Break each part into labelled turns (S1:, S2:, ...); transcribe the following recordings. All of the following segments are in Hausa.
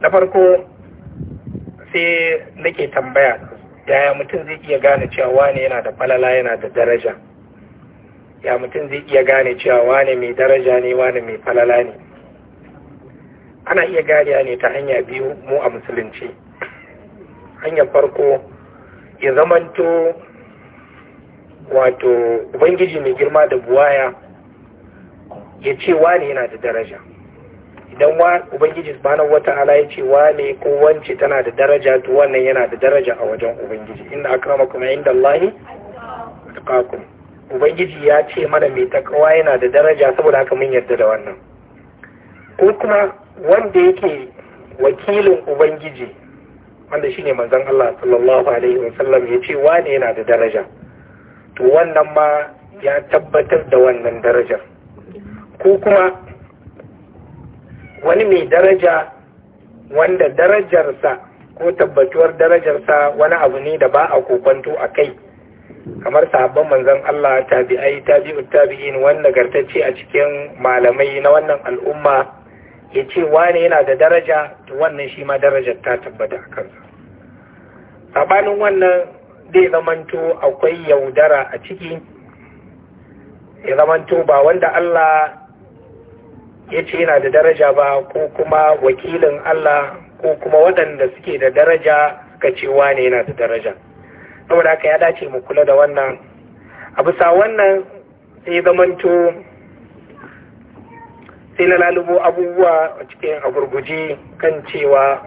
S1: na farko sai nake tambaya yaya mutum zai iya gane cewa wane yana da falala yana da daraja ya mutum zai iya gane cewa wane mai daraja ne wane mai falala ne ana iya gariya ne ta hanya biyu mu a musulunci hanyar farko ya zamanto wato ubangiji mai girma da buwaya ya ce wane yana da daraja idan wa ubangiji subhanahu wata'ala ya ce wane ko wance tana da daraja to wannan yana da daraja a wajen ubangiji inna akramakum indallahi atqakum ubangiji ya ce mana mai takawa yana da daraja saboda haka mun yarda da wannan ko kuma wanda yake wakilin ubangiji wanda shine manzon Allah sallallahu alaihi wasallam ya ce wane yana da daraja to wannan ma ya tabbatar da wannan darajar ko kuma wani mai daraja wanda darajarsa ko tabbatuwar darajarsa wani abu ne da ba a kokonto a kai kamar sahabban manzon Allah tabi'ai tabi'ut tabi'in wanda gartacce a cikin malamai na wannan al'umma ya ce wani yana da daraja to wannan shi ma darajar ta tabbata a kansa sabanin wannan zai zamanto akwai yaudara a ciki ya zamanto ba wanda Allah ya ce yana da daraja ba ko kuma wakilin Allah ko kuma waɗanda suke da daraja suka ce ne yana da daraja saboda haka ya dace mu kula da wannan a bisa wannan sai zamanto sai na lalubo abubuwa a cikin agurguji kan cewa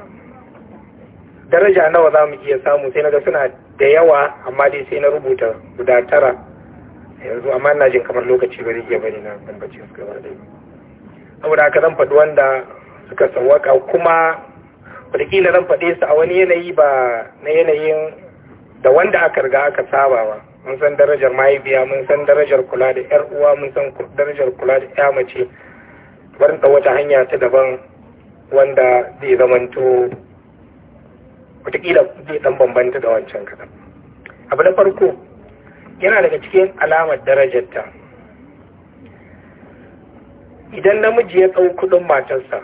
S1: daraja nawa za mu iya samu sai na ga suna da yawa amma dai sai na rubuta guda tara yanzu amma na jin kamar lokaci bari iya bari na bambacin su gaba da saboda haka zan faɗi wanda suka sawaka kuma wadakila zan faɗe su a wani yanayi ba na yanayin da wanda aka riga aka saba ba mun san darajar mahaifiya mun san darajar kula da yar uwa mun san darajar kula da ya mace barin ta wata hanya ta daban wanda zai zamanto wataƙila zai dan bambanta da wancan kadan abu na farko yana daga cikin alamar darajarta idan namiji ya ɗau kuɗin matarsa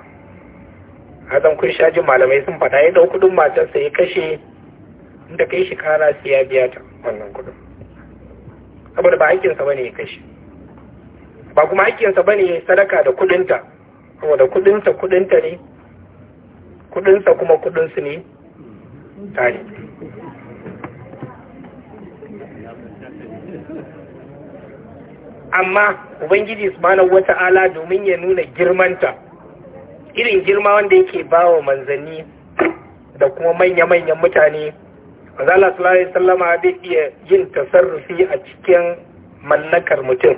S1: hazan kun shaji malamai sun faɗa ya ɗau kuɗin matarsa ya kashe inda kai shi kara sai ya biya ta wannan kuɗin saboda ba haƙƙinsa bane ya kashe ba kuma haƙƙinsa bane ya sadaka da kuɗinta saboda kuɗinta kuɗinta ne kuɗinsa kuma kuɗinsu ne tare amma ubangiji subhanahu wata'ala domin ya nuna girmanta irin girma wanda yake bawa manzanni da kuma manya-manyan mutane Allah sallallahu alaihi wasallama zai iya yin tasarrufi a cikin mallakar mutum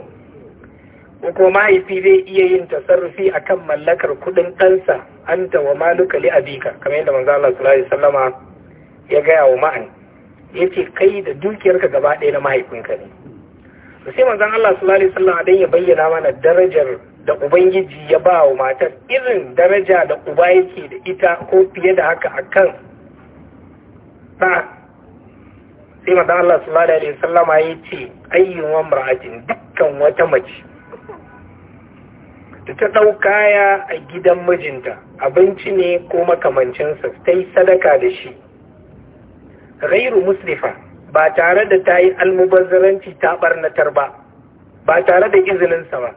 S1: ko mahaifi zai iya yin tasarrufi akan mallakar kudin ɗansa anta wa maluka li abika kamar yadda manzo Allah sallallahu alaihi ya gaya wa ma'an yace kai da dukiyarka gaba ɗaya na mahaifinka ne da sai manzan Allah su alaihi wasallam dan ya bayyana mana darajar da ubangiji ya ba wa matar irin daraja da uba yake da ita ko fiye da haka akan ta sai manzan Allah sallallahu alaihi a ya ce ayyun mar'atin dukkan wata mace da ta ɗau kaya a gidan mijinta abinci ne ko makamancinsa ta yi sadaka da shi rairu muslifa ba tare da ta yi almubazzaranci ta barnatar ba ba tare da izininsa ba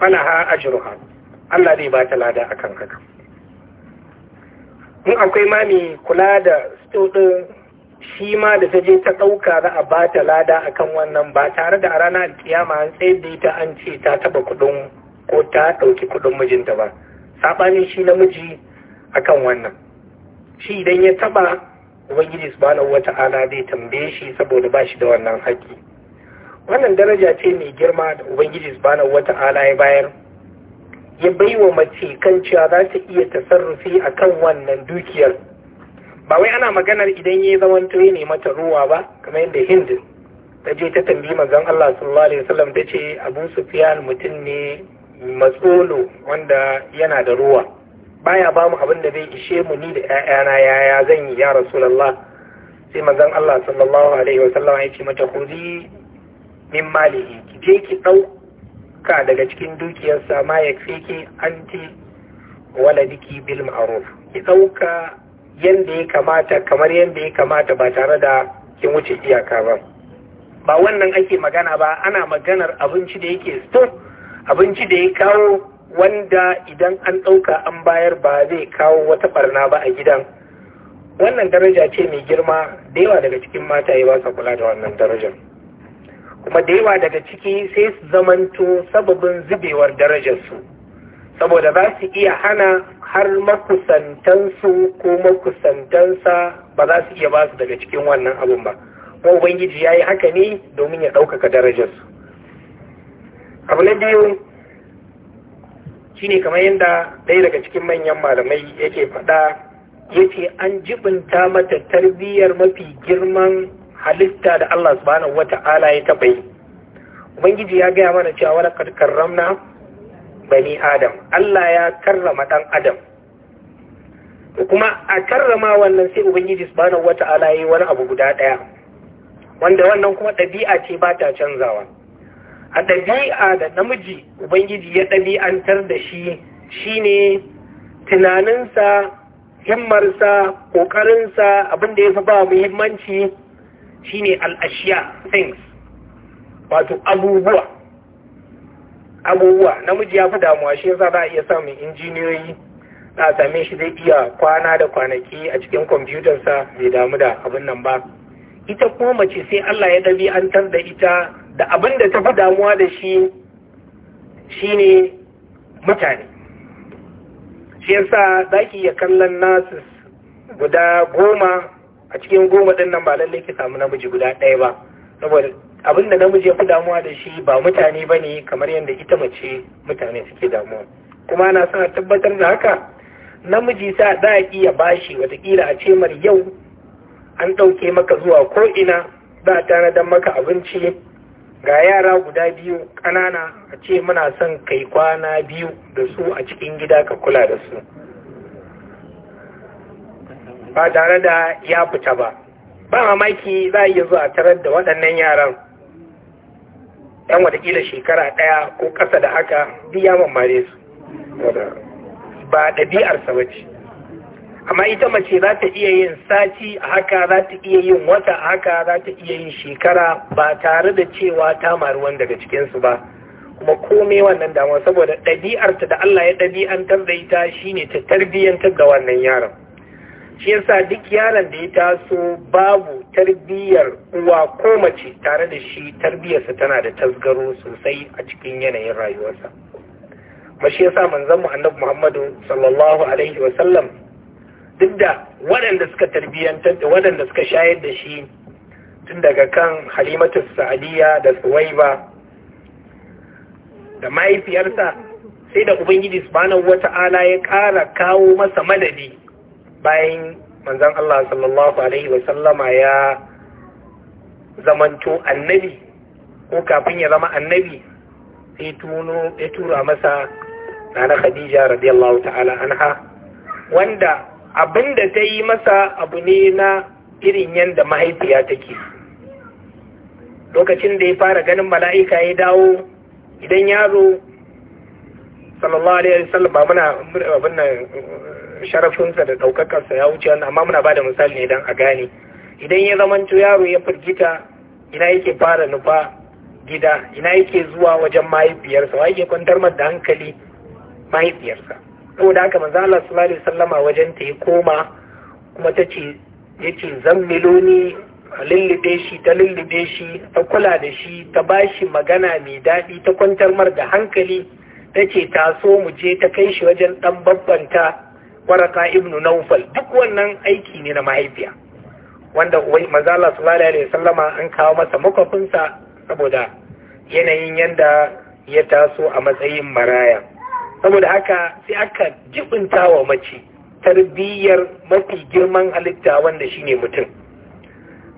S1: a ajruha Allah zai ba ta lada akan haka mun akwai mami kula da stodin shi ma da ta je ta ɗauka za a ba ta lada akan wannan ba tare da a da kiyama an tsaye da ita an ce ta taba kuɗin ko ta ɗauki kuɗin mijinta ba saɓanin shi namiji a kan wannan shi idan ya taba ubangiji subhanahu wata'ala zai tambaye shi saboda ba shi da wannan haƙƙi wannan daraja ce mai girma da ubangiji wata wata'ala ya bayar ya baiwa mace kan cewa za ta iya tasarrufi kan wannan dukiyar ba wai ana maganar idan ya yi zamanto ya ne mata ruwa ba kamar yadda hindu ta je ta tambayi magan Allah sallallahu alaihi wasallam ta ce Abu mutum ne matsolo wanda yana da ruwa baya ba mu abin da bai ishe mu ni da ƴaƴana yaya zan yi ya rasulullah sai mazan Allah sallallahu alaihi wa sallam ya ce mata khudi min malihi ki je ki dauka daga cikin dukiyar ma ya fiki anti waladiki bil ma'ruf ki dauka yadda ya kamata kamar yadda ya kamata ba tare da kin wuce iyaka ba ba wannan ake magana ba ana maganar abinci da yake store abinci da ya kawo wanda idan an ɗauka an bayar ba zai kawo wata ɓarna ba a gidan wannan daraja ce mai girma da yawa daga cikin mataye ba sa kula da wannan darajar kuma da yawa daga ciki sai su zamanto sababin zubewar darajarsu saboda za su iya hana har makusantansu ko makusantansa ba za su iya ba su daga cikin wannan abun ba kuma ubangiji ya yi haka ne domin ya ɗaukaka darajarsu abu na biyu shine kamar yadda ɗaya daga cikin manyan malamai yake faɗa yace an jibinta mata tarbiyyar mafi girman halitta da Allah subhanahu wata'ala ya taɓa yi ubangiji ya gaya mana cewa wani karramna bani adam Allah ya karrama ɗan adam kuma a karrama wannan sai ubangiji subhanahu wata'ala ya yi wani abu guda ɗaya wanda wannan kuma ɗabi'a ce ba ta canzawa a ɗabi'a da namiji ubangiji ya ɗabi'antar da shi shine tunaninsa himmarsa ƙoƙarinsa abinda ya fi ba muhimmanci shine al'ashiya things wato abubuwa abubuwa namiji ya fi damuwa shi yasa za a iya samun injiniyoyi za a same shi zai iya kwana da kwanaki a cikin kwamfutarsa bai damu da abin nan ba ita kuma mace sai Allah ya ɗabi'antar da ita da abin da ta fi damuwa da shi shi ne mutane shi yasa za ki iya kallon nasu guda goma a cikin goma ɗin nan ba lallai ki samu namiji guda ɗaya ba saboda abin da namiji ya fi damuwa da shi ba mutane ba ne kamar yadda ita mace mutane suke damuwa kuma na sa tabbatar da haka namiji sa za a iya bashi watakila a ce mar yau an ɗauke maka zuwa ko'ina za a tanadar maka abinci ga yara guda biyu ƙanana a ce muna son kai kwana biyu da su a cikin gida ka kula da su ba tare da ya fita ba ba mamaki za a iya zuwa tarar da waɗannan yaran yan watakila shekara ɗaya ko ƙasa da haka biya mamare su ba ɗabi'arsa ba ce amma ita mace za ta iya yin sati a haka za ta iya yin wata a haka za ta iya yin shekara ba tare da cewa ta mari wanda daga cikinsu ba kuma komai wannan damuwa saboda ɗabi'arta da Allah ya ɗabi'antar da ita shine ta tarbiyyantar da wannan yaron shi yasa duk yaron da ya taso babu tarbiyyar uwa ko mace tare da shi tarbiyyarsa tana da tasgaro sosai a cikin yanayin rayuwarsa mashi yasa manzon annabi Muhammadu sallallahu alaihi wasallam duk waɗanda suka tarbiyyantar da waɗanda suka shayar da shi tun daga kan halimatu sa'adiyya da suwaiba da mahaifiyarsa sai da ubangiji subhanahu wata'ala ya ƙara kawo masa madadi bayan manzan Allah sallallahu alaihi wa sallama ya zamanto annabi ko kafin ya zama annabi sai tuno ya tura masa nana Khadija radiyallahu ta'ala anha wanda abin da ta yi masa abu ne na irin yadda mahaifiya take lokacin da ya fara ganin mala'ika ya dawo idan yaro sallallahu alaihi wasallam ba muna abinnan sharafinsa da ɗaukakarsa ya wuce amma muna ba da misali ne a gane idan ya zamanto yaro ya firgita ina yake fara nufa gida ina yake zuwa wajen mahaifiyarsa wa yake kwantar da hankali mahaifiyarsa saboda haka manzo Allah sallallahu alaihi wasallama wajen ta yi koma kuma tace yace zammiloni lullube shi ta lullube shi ta kula da shi ta bashi magana mai daɗi ta kwantar mar da hankali ta ce ta so mu je ta kai shi wajen ɗan babbanta waraka ibnu naufal duk wannan aiki ne na mahaifiya wanda wai mazala sallallahu alaihi sallama an kawo masa makwafinsa saboda yanayin yanda ya taso a matsayin maraya saboda haka sai aka jibinta wa mace tarbiyyar mafi girman halitta wanda shine mutum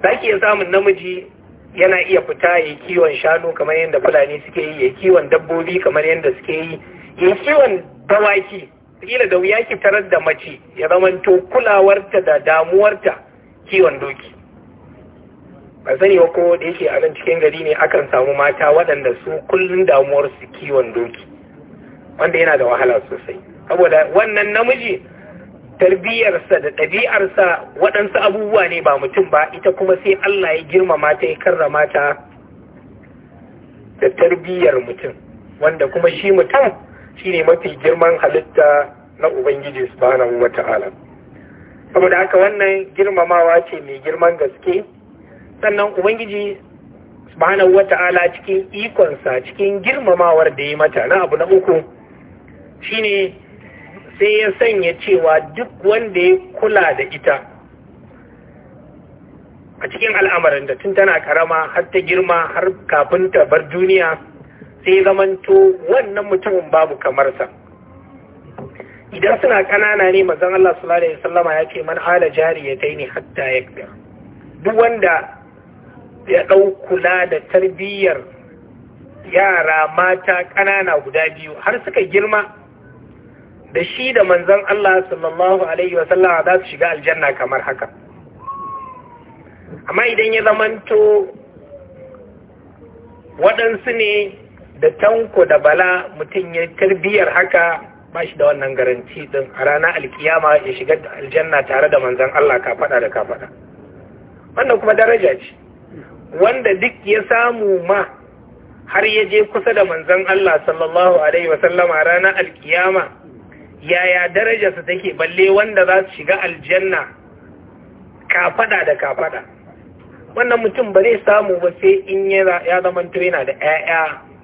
S1: za ki iya samun namiji yana iya fita ya kiwon shanu kamar yadda fulani suke yi ya kiwon dabbobi kamar yadda suke yi ya kiwon dawaki kila da wuya ki tarar da mace ya zamanto kulawarta da damuwarta kiwon doki ba sani ko da yake a nan cikin gari ne akan samu mata waɗanda su kullum damuwar su kiwon doki wanda yana da wahala sosai saboda wannan namiji tarbiyyarsa da ɗabi'arsa waɗansu abubuwa ne ba mutum ba ita kuma sai Allah ya girmama ta ya karrama ta da tarbiyyar mutum wanda kuma shi mutum shine mafi girman halitta na Ubangiji subhanahu wa ta'ala saboda haka wannan girmamawa ce mai girman gaske sannan Ubangiji subhanahu wa ta'ala cikin ikonsa cikin girmamawar da ya mata na abu na uku shine sai ya sanya cewa duk wanda ya kula da ita a cikin al'amarin da tun tana karama har ta girma har kafin ta bar duniya sai zamanto wannan mutumin babu kamar kamarsa idan suna ƙanana ne mazan Allah sallallahu alaihi wasallama ya ce man ya jariyataini hatta yakbir duk wanda ya ɗau kula da tarbiyyar yara mata ƙanana guda biyu har suka girma da shi da manzon Allah sallallahu alaihi wasallam za su shiga aljanna kamar haka amma idan ya zamanto waɗansu ne da tanko da bala mutum ya tarbiyyar haka ba shi da wannan garanti din a rana alkiyama ya shiga aljanna tare da manzon Allah ka faɗa da ka faɗa wannan kuma daraja ce wanda duk ya samu ma har ya je kusa da manzon Allah sallallahu alaihi wasallam a rana alkiyama yaya darajarsa take balle wanda za su shiga aljanna kafaɗa da kafaɗa? wannan mutum ba zai samu ba sai in ya zamanto yana da 'ya'ya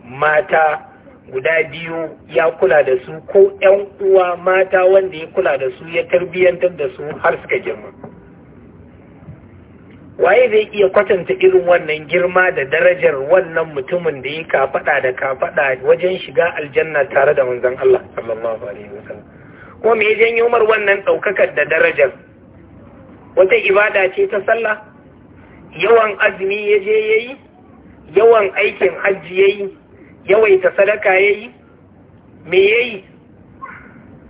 S1: mata guda biyu ya kula da su ko 'yan uwa mata wanda ya kula da su ya tarbiyyantar da su har suka girma waye zai iya kwatanta irin wannan girma da darajar wannan mutumin da ya kafada da kafada wajen shiga aljanna tare da manzon Allah sallallahu alaihi wasallam kuma me janyo Umar wannan daukakar da darajar wata ibada ce ta sallah yawan azumi ya je yayi yawan aikin hajji yayi yawaita sadaka yayi me yayi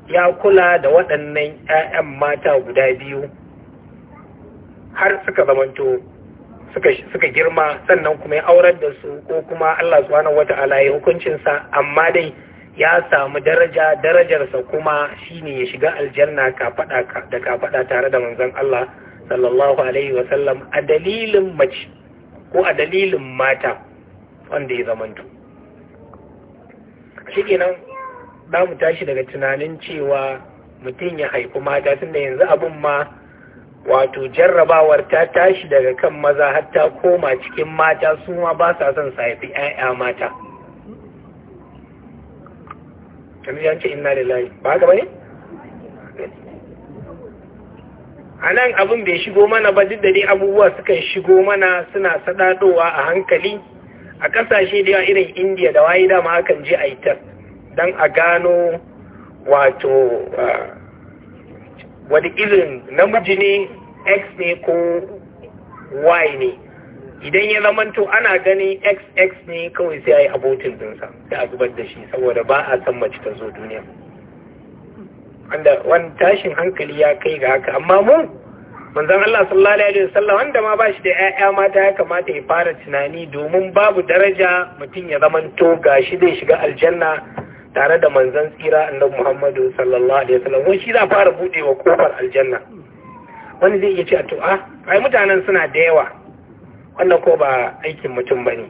S1: ya kula da waɗannan ƴaƴan mata guda biyu har suka zamanto suka girma sannan kuma ya aurar da su ko kuma Allah subhanahu wata'ala ya hukuncinsa amma dai ya samu daraja darajarsa kuma shine ya shiga aljanna fada da kafaɗa tare da manzon Allah sallallahu alaihi wa a dalilin mace ko a dalilin mata wanda ya zamanto shikenan za mu tashi daga tunanin cewa mutum ya haifi mata tunda yanzu abin ma wato jarrabawar ta tashi daga kan maza har ta koma cikin mata su ma ba sa son sa haifi 'ya'ya mata yanzu ya inna ba bane a nan abin bai shigo mana ba duk da dai abubuwa suka shigo mana suna sadadowa a hankali a kasashe da irin indiya da wayi dama akan je a yi don a gano wato ah, wani irin namiji ne x ne ko y ne idan ya zamanto ana gani xx ne kawai sai a yi abotin dinsa sai a zubar da shi saboda ba a san mace ta zo duniya wani tashin hankali ya kai ga haka amma mu manzan Allah sallallahu alaihi wasallam wanda ma ba shi da 'ya'ya mata ya kamata ya fara tunani domin babu daraja mutum ya zamanto gashi zai shiga aljanna tare da manzan tsira annabi Muhammadu sallallahu alaihi wasallam wani shi za fara bude wa kofar aljanna wani zai iya ce a to'a ah, ai mutanen suna da yawa wannan ko ba aikin mutum ba ne.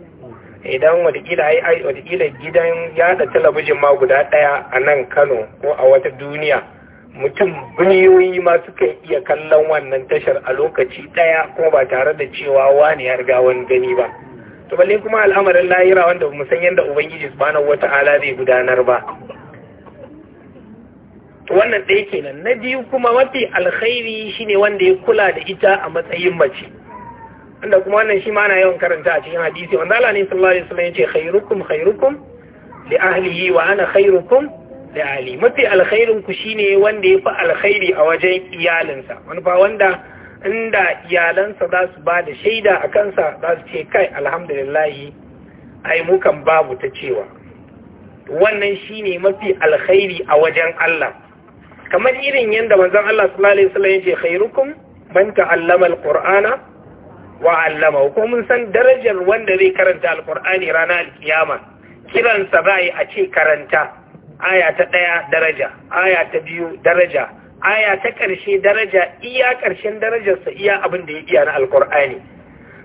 S1: idan wadakila ai wadakila gidan yada talabijin ma guda ɗaya a nan Kano ko a wata duniya mutum biliyoyi ma suka iya kallon wannan tashar a lokaci ɗaya kuma ba tare da cewa wani ya riga wani gani ba to balle kuma al'amarin lahira wanda mu san yanda ubangiji subhanahu wata'ala zai gudanar ba wannan ɗaya kenan na biyu kuma mafi alkhairi shine wanda ya kula da ita a matsayin mace wanda kuma wannan shi ma na yawan karanta a cikin hadisi wanda Allah ne sallallahu alaihi wasallam yace khairukum khairukum li ahlihi wa ana khairukum li ahli mafi alkhairin ku shine wanda ya fi alkhairi a wajen iyalinsa wani fa wanda inda iyalansa za su ba da shaida a kansa za su ce kai alhamdulillahi ai babu ta cewa wannan shine mafi alkhairi a wajen Allah kamar irin yadda manzan Allah sallallahu alaihi wasallam yace khairukum man ta'allama alqur'ana wa 'allamahu ko mun san darajar wanda zai karanta alqur'ani ranar alkiyama kiransa bai a ce karanta aya ta daya daraja aya ta biyu daraja aya ta ƙarshe daraja iya ƙarshen darajarsa iya abin da ya iya na Alƙur'ani.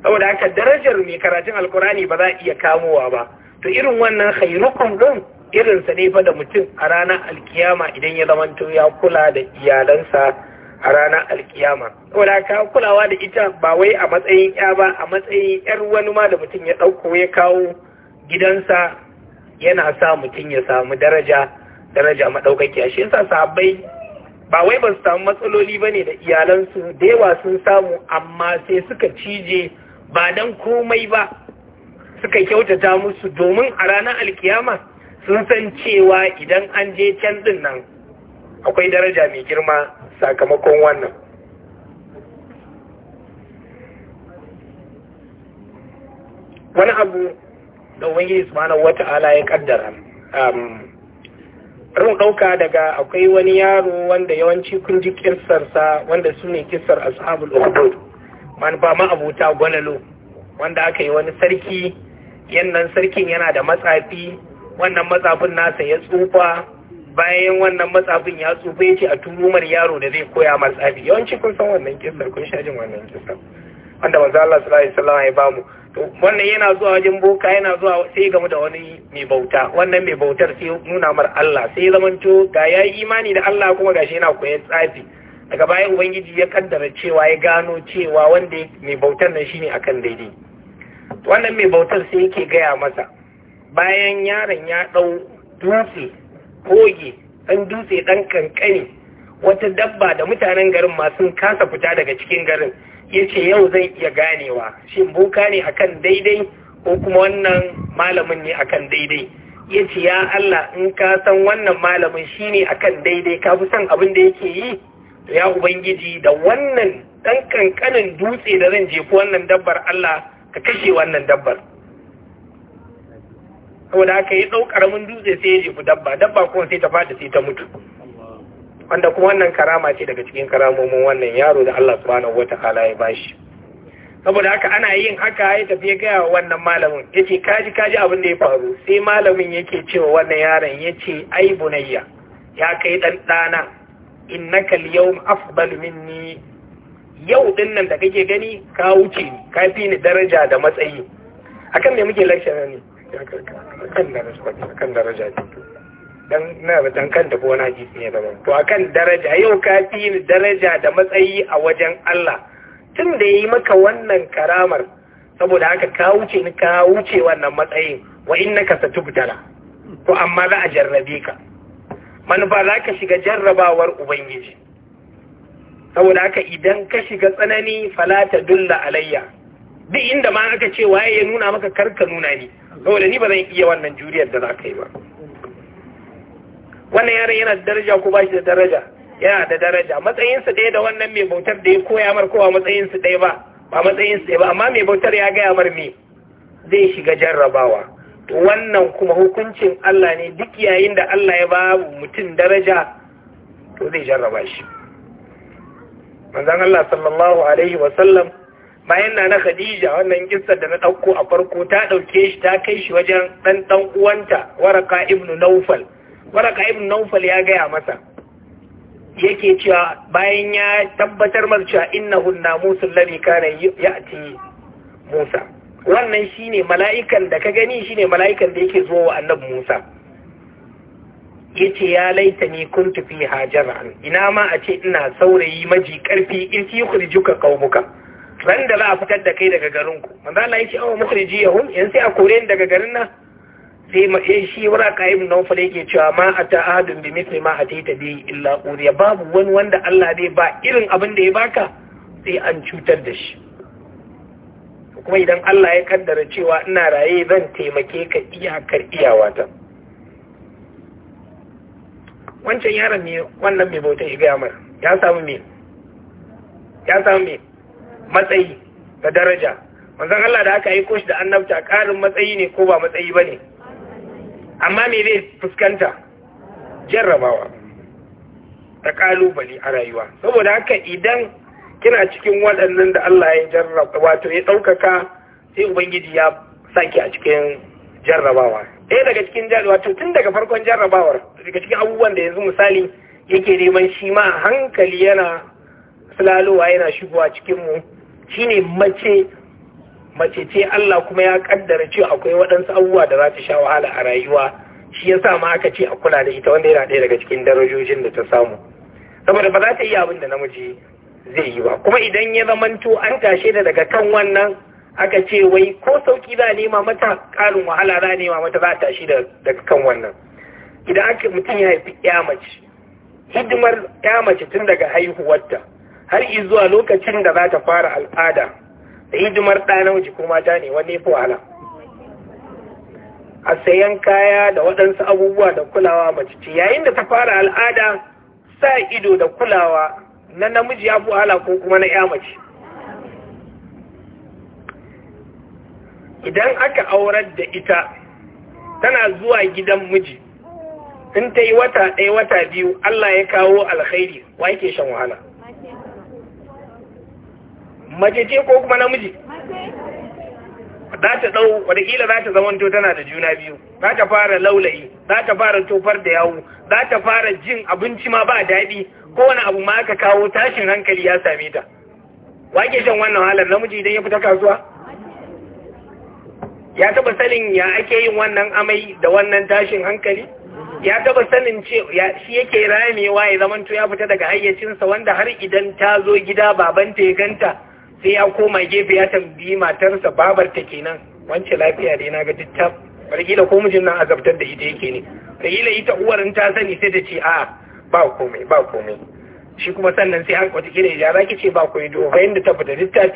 S1: saboda haka darajar mai karatun Alƙur'ani ba za a iya kamowa ba to irin wannan khairukum din irinsa ne fa da mutum a ranar alkiyama idan ya zamanto ya kula da iyalansa a ranar alkiyama saboda haka kulawa da ita ba wai a matsayin ya ba a matsayin yar wani ma da mutum ya ɗauko ya kawo gidansa yana sa mutum ya samu daraja daraja maɗaukaki shi yasa sabai ba wai ba su samu matsaloli ba ne da iyalansu da yawa sun samu amma sai suka cije ba don komai ba suka kyautata musu domin a ranar alkiyama sun san cewa idan an je can din nan akwai daraja mai girma sakamakon wannan wani abu da wani ubangiji wata ala ya kaddara um, ran ɗauka daga akwai wani yaro wanda yawanci kun ji kirsarsa wanda su ne kirsar ashabul ukhdud man ba ma abuta gwalalo wanda aka yi wani sarki yannan sarkin yana da matsafi wannan matsafin nasa ya tsufa bayan wannan matsafin ya tsufa ya ce a turumar yaro da zai koya matsafi yawanci kun san wannan kirsar kun sha jin wannan kirsar wanda manzo Allah sallallahu alaihi wasallam ya bamu wannan yana zuwa wajen boka yana zuwa sai game da wani mai bauta wannan mai bautar sai nuna mar Allah sai zamanto ga ya yi imani da Allah kuma gashi yana koyar tsafi daga bayan ubangiji ya kaddara cewa ya gano cewa wanda mai bautar nan shine akan daidai wannan mai bautar sai yake gaya masa bayan yaron ya dau dutse koge dan dutse dan kankani wata dabba da mutanen garin ma sun kasa fita daga cikin garin ya ce yau zai iya ganewa shi boka ne akan daidai ko kuma wannan malamin ne akan daidai ya ce ya Allah in ka san wannan malamin shi ne akan daidai ka fi son abin da yake yi ya ubangiji da wannan ɗan ƙanƙanin dutse da zan jefi wannan dabbar Allah ka kashe wannan dabbar saboda haka ya ɗau ƙaramin dutse sai ya jefi dabba dabba kuma sai ta fada sai ta mutu wanda kuma wannan karama ce daga cikin karamomin wannan yaro da Allah subhanahu wata'ala ya bashi saboda haka ana yin haka ya tafi gaya wa wannan malamin yace kaji kaji abin da ya faru sai malamin yake cewa wannan yaron yace ai bunayya ya kai dan dana innaka al-yawm afdal minni yau din nan da kake gani ka wuce ni ka fi ni daraja da matsayi akan me muke lecture ne kan daraja kan daraja ne dan na dan kan da bona ji ne daban to akan daraja yau ka fi daraja da matsayi a wajen Allah tun da yi maka wannan karamar saboda haka ka wuce ni ka wuce wannan matsayin wa innaka satubtala to amma za a jarrabe ka manufa za ka shiga jarrabawar ubangiji saboda haka idan ka shiga tsanani falata dulla alayya duk inda ma aka ce waye ya nuna maka karka nuna ni saboda ni ba zan iya wannan juriyar da za ka yi ba wannan yaron yana da daraja ko ba shi da daraja yana da daraja matsayinsa ɗaya da wannan mai bautar da ya koya mar kowa matsayinsa ɗaya ba ba matsayinsa ɗaya ba amma mai bautar ya gaya mar me zai shiga jarrabawa to wannan kuma hukuncin Allah ne duk yayin da Allah ya ba mutum daraja to zai jarraba shi manzon Allah sallallahu alaihi wa sallam bayan na na Khadija wannan kissar da na ɗauko a farko ta ɗauke shi ta kai shi wajen ɗan ɗan uwanta Waraka Ibn Naufal waraka ibn naufal ya gaya masa yake cewa bayan ya tabbatar masa cewa innahu namusul ladhi kana ya'ti Musa wannan shine mala'ikan da ka gani shine mala'ikan da yake zuwa wa annabi Musa yace ya laita ni kuntu fi an. ina ma a ce ina saurayi maji karfi in fi khurjuka qaumuka ran da za a fitar da kai daga garinku manzo Allah yace awa mukhrijiyahum yan sai a kore daga garin nan sai ma eh, shi wura kayyim nan fa ke cewa ma ata ahadun bi mithli ma ta bi illa uriya babu wani wanda Allah zai ba irin abin da ya baka sai an cutar da shi kuma idan Allah ya kaddara cewa ina raye zan taimake ka iyakar iyawata wancan yaron ne wannan mai bauta shiga yamar ya samu me ya samu me matsayi da daraja Wanzan Allah da aka yi kosh da annabta karin matsayi ne ko ba matsayi bane amma me zai fuskanta jarrabawa ta kalubale a rayuwa saboda haka idan kina cikin waɗannan da Allah ya jarraba wato ya ɗaukaka sai ubangiji ya saki a cikin jarrabawa ɗaya daga cikin jarrabawa tun daga farkon jarrabawar daga cikin abubuwan da yanzu misali yake neman shi ma hankali yana sulalowa yana shigowa cikin mu shine mace mace ce Allah kuma ya kaddara cewa akwai waɗansu abubuwa da za ta sha wahala a rayuwa shi ya sa ma aka ce a kula da ita wanda yana ɗaya daga cikin darajojin da ta samu saboda ba za ta yi abin da namiji zai yi ba kuma idan ya zamanto an tashe da daga kan wannan aka ce wai ko sauki za a nema mata ƙarin wahala za a nema mata za a tashi daga kan wannan idan aka mutum ya haifi ya mace hidimar ya mace tun daga haihuwarta har zuwa lokacin da za ta fara al'ada da hidimar na wuce ko mata ne wanne fi wahala a sayan kaya da waɗansu abubuwa da kulawa mace ce yayin da ta fara al'ada sa ido da kulawa na namiji ya fi wahala ko kuma na ya mace idan aka aurar da ita tana zuwa gidan miji in ta yi wata ɗaya wata biyu Allah ya kawo alkhairi wa yake shan wahala mace ce ko kuma namiji za ta dau wadakila za ta zamanto tana da juna biyu za ta fara laulayi za ta fara tofar da yawo za ta fara jin abinci ma ba daɗi kowane abu ma aka kawo tashin hankali ya same ta wake shan wannan halar namiji idan ya fita kasuwa ya taba sanin ya ake yin wannan amai da wannan tashin hankali ya taba sanin ce shi yake ramewa ya zamanto ya fita daga hayyacinsa wanda har idan ta zo gida babanta ya ganta sai ya koma gefe ya tambayi matarsa babar ta kenan wance lafiya dai na ga dittab barkila ko mijin nan azabtar da ita yake ne barkila ita uwar ta sani sai ta ce a ba komai ba komai shi kuma sannan sai an da ya zaki ce ba komai do bayan da tabbata duk ta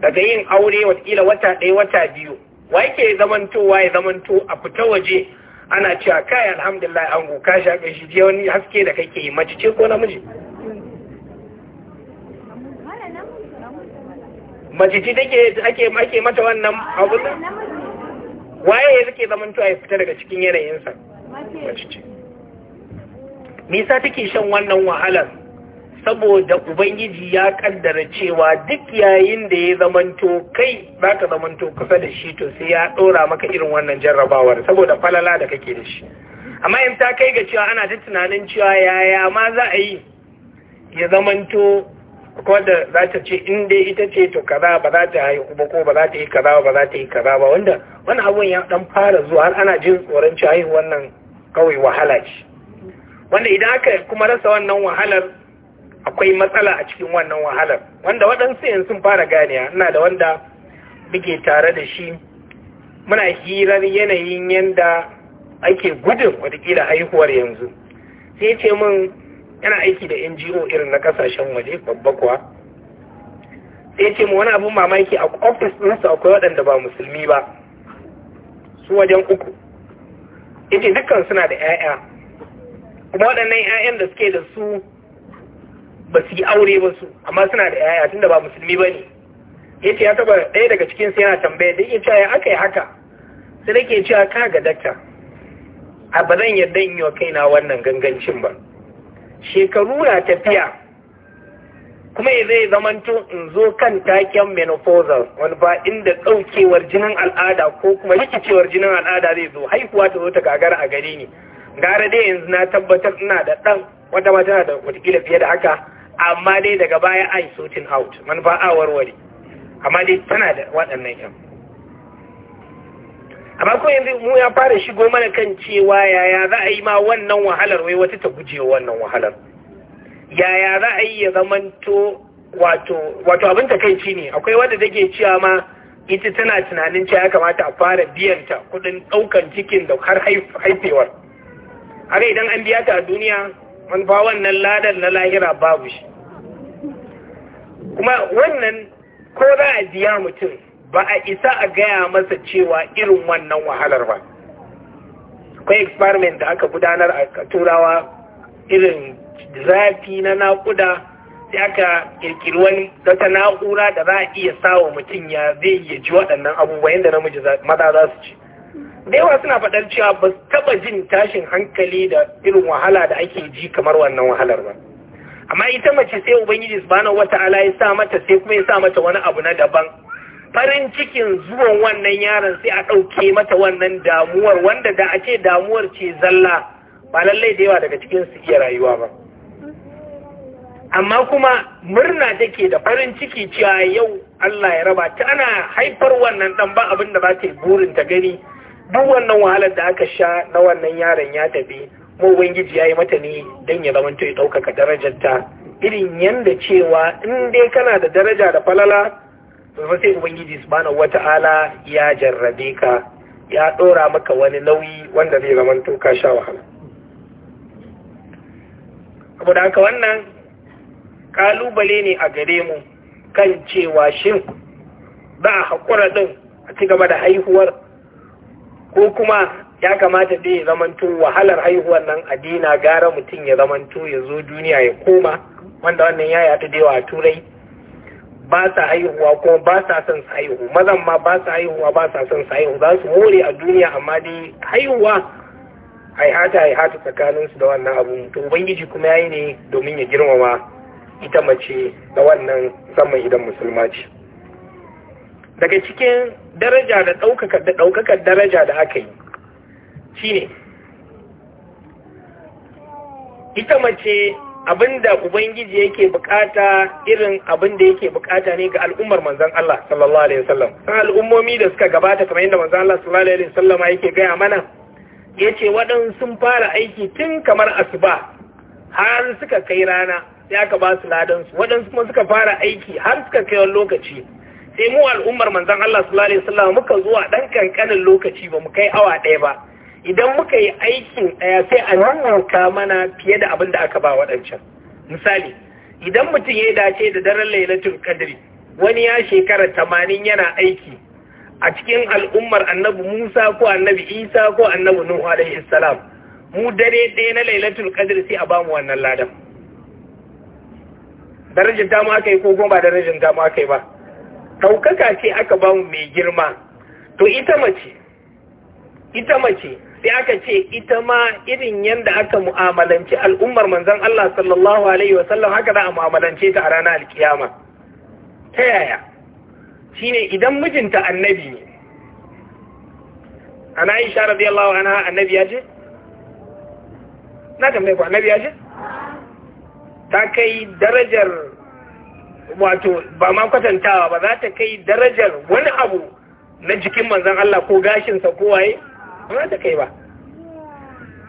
S1: daga yin aure kila wata ɗaya wata biyu wa yake zamantowa ya zamanto a fita waje ana cewa kai alhamdulillah an goka shi a shi je wani haske da kake yi mace ce ko namiji mace da take ake ake mata wannan abu waye ya suke zaman tuwa ya fita daga cikin yanayinsa mace nisa take shan wannan wahalar saboda ubangiji ya kaddara cewa duk yayin da ya zamanto kai za ka zamanto kusa da shi to sai ya ɗora maka irin wannan jarrabawar saboda falala da kake da shi amma in ta kai ga cewa ana ta tunanin cewa yaya ma za a yi ya zamanto wadda za ta ce in dai ita ce to kaza ba za ta yi kuma ko ba za ta yi kaza ba za ta yi kaza ba wanda wani abun ya dan fara zuwa har ana jin tsoron ci haihu wannan kawai wahala ce wanda idan aka kuma rasa wannan wahalar akwai matsala a cikin wannan wahalar wanda waɗansu yanzu sun fara ganiya ina da wanda muke tare da shi muna hirar yanayin yanda ake gudun watakila haihuwar yanzu sai ce min yana aiki da NGO irin na kasashen waje babba kuwa sai ce mu wani abin mamaki a ofis ɗinsu akwai waɗanda ba musulmi ba su wajen uku yace dukkan suna da 'ya'ya kuma waɗannan 'ya'yan da suke da su ba su yi aure ba su amma suna da 'ya'ya tunda ba musulmi ba ne yace ya taba ɗaya daga cikin su yana tambaya da yake cewa aka yi haka sai nake cewa ka ga dakta a ba zan yarda in yi wa kaina wannan gangancin ba shekaru na tafiya kuma zai zamanto in zo kan taken menopausal wani ba inda ɗaukewar jinin al'ada ko kuma rikicewar jinin al'ada zai zo haihuwa ta zo ta gagara a gare ni gara dai yanzu na tabbatar ina da ɗan wata ma tana da watakila fiye da haka amma dai daga baya ai sorting out manufa a warware amma dai tana da waɗannan yan amma ko yanzu mu ya fara shigo mana kan cewa yaya za a yi ma wannan wahalar wai wata ta guje wannan wahalar yaya za a yi ya zamanto wato wato abin takaici ne akwai wanda take cewa ma ita tana tunanin cewa ya kamata a fara biyan ta kudin daukan cikin da har haifewar haka idan an biya ta a duniya man fa wannan ladan na lahira babu shi kuma wannan ko za a biya mutum ba a isa a gaya masa cewa irin wannan wahalar ba akwai experiment da aka gudanar a turawa irin zafi na naƙuda sai aka kirkiri wani wata na'ura da za a iya sawa mutum ya zai iya ji waɗannan abubuwa yadda namiji maza za su ci da yawa suna faɗar cewa ba su taɓa jin tashin hankali da irin wahala da ake ji kamar wannan wahalar ba amma ita mace sai ubangiji subhanahu wata'ala ya sa mata sai kuma ya sa mata wani abu na daban farin cikin zuwan wannan yaron sai a ɗauke mata wannan damuwar wanda da a damuwar ce zalla
S2: ba lallai da yawa
S1: daga cikin su iya rayuwa ba amma kuma murna take da farin ciki cewa yau Allah ya raba ta ana haifar wannan dan ba abin da ba ta burin ta gani duk wannan wahalar da aka sha na wannan yaron ya tafi mu ubangiji ya yi mata ne dan ya zama ya ɗaukaka ta irin yanda cewa in dai kana da daraja da falala domin sai ubangiji wata ala ya jarrabe ka ya ɗora maka wani nauyi wanda zai zama to ka sha wahala saboda haka wannan ƙalubale ne a gare mu kan cewa shin ba a haƙura ɗin a ci gaba da haihuwar ko kuma ya kamata dai ya zamanto wahalar haihuwar nan a dina gara mutum ya zamanto ya zo duniya ya koma wanda wannan ya yata da yawa a turai ba sa haihuwa kuma ba sa son su haihu mazan ma ba sa haihuwa ba sa son su haihu za su more a duniya amma dai haihuwa haihata haihata tsakanin su da wannan abu to ubangiji kuma yayi ne domin ya girmama ita mace da wannan zaman idan musulma ce daga cikin daraja da ɗaukakar da ɗaukakar daraja da aka yi shine ita mace abinda ubangiji yake bukata irin abinda yake bukata ne ga al'ummar manzon Allah sallallahu alaihi wasallam san al'ummomi da suka gabata kamar yadda manzon Allah sallallahu alaihi wasallam yake gaya mana yace waɗansu sun fara aiki tun kamar asuba har suka kai rana sai aka ba su ladan su waɗansu kuma suka fara aiki har suka kai wani lokaci sai mu al'ummar manzon Allah sallallahu alaihi wasallam muka zuwa dan kankanin lokaci ba mu kai awa ɗaya ba idan muka yi aikin ɗaya sai a nanwanka mana fiye da abin da aka ba waɗancan misali idan mutum ya dace da daren lailatul kadri wani ya shekara tamanin yana aiki a cikin al'ummar annabi musa ko annabi isa ko annabi nuhu alaihi salam mu dare ɗaya na lailatul kadri sai a bamu wannan ladan darajin ta mu aka yi ko kuma ba darajin ta mu aka yi ba ɗaukaka ce aka bamu mai girma to ita mace ita mace sai aka ce ita ma irin yadda aka mu'amalanci al'ummar manzon Allah sallallahu alaihi wasallam haka za a mu'amalance ta a ranar alkiyama ta yaya shi ne idan mijinta annabi ne ana Aisha ana anha annabi ya ce na tambaye ku annabi ya ce ta kai darajar wato ba ma kwatantawa ba za ta kai darajar wani abu na jikin manzon Allah ko gashinsa ko waye amma ta kai ba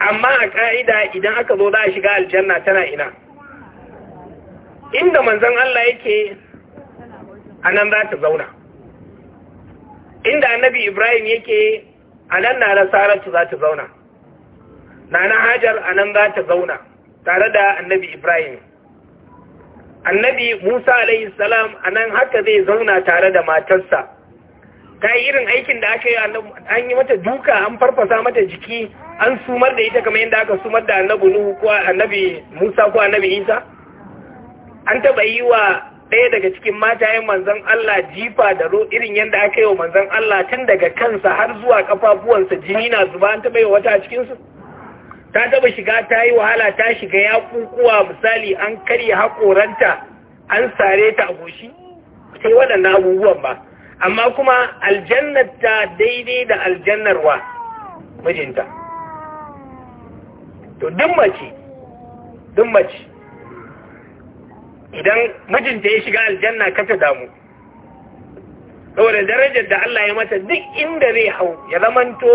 S1: amma a ka'ida idan aka zo za a shiga aljanna tana ina inda manzan Allah yake a nan za ta zauna inda annabi ibrahim yake a nan na nasaratu za ta zauna na na hajar a nan za ta zauna tare da annabi ibrahim annabi musa alaihi salam a nan haka zai zauna tare da matarsa ta yi irin aikin da aka yi an yi mata duka an farfasa mata jiki an sumar da ita kamar yadda aka sumar da annabi nuhu ko annabi musa ko annabi isa an taba yi wa ɗaya daga cikin mata yin manzon Allah jifa da ro irin yadda aka yi wa manzon Allah tun daga kansa har zuwa kafafuwansa jini na zuba an taba yi wata a cikinsu ta taba shiga ta yi wahala ta shiga ya kukuwa misali an karya haƙoranta an sare ta a goshi sai waɗannan abubuwan ba amma kuma aljannar ta daidai da aljannar wa mijinta to duk mace idan mijinta ya shiga aljanna kata damu saboda darajar da Allah ya mata duk inda zai hau ya zamanto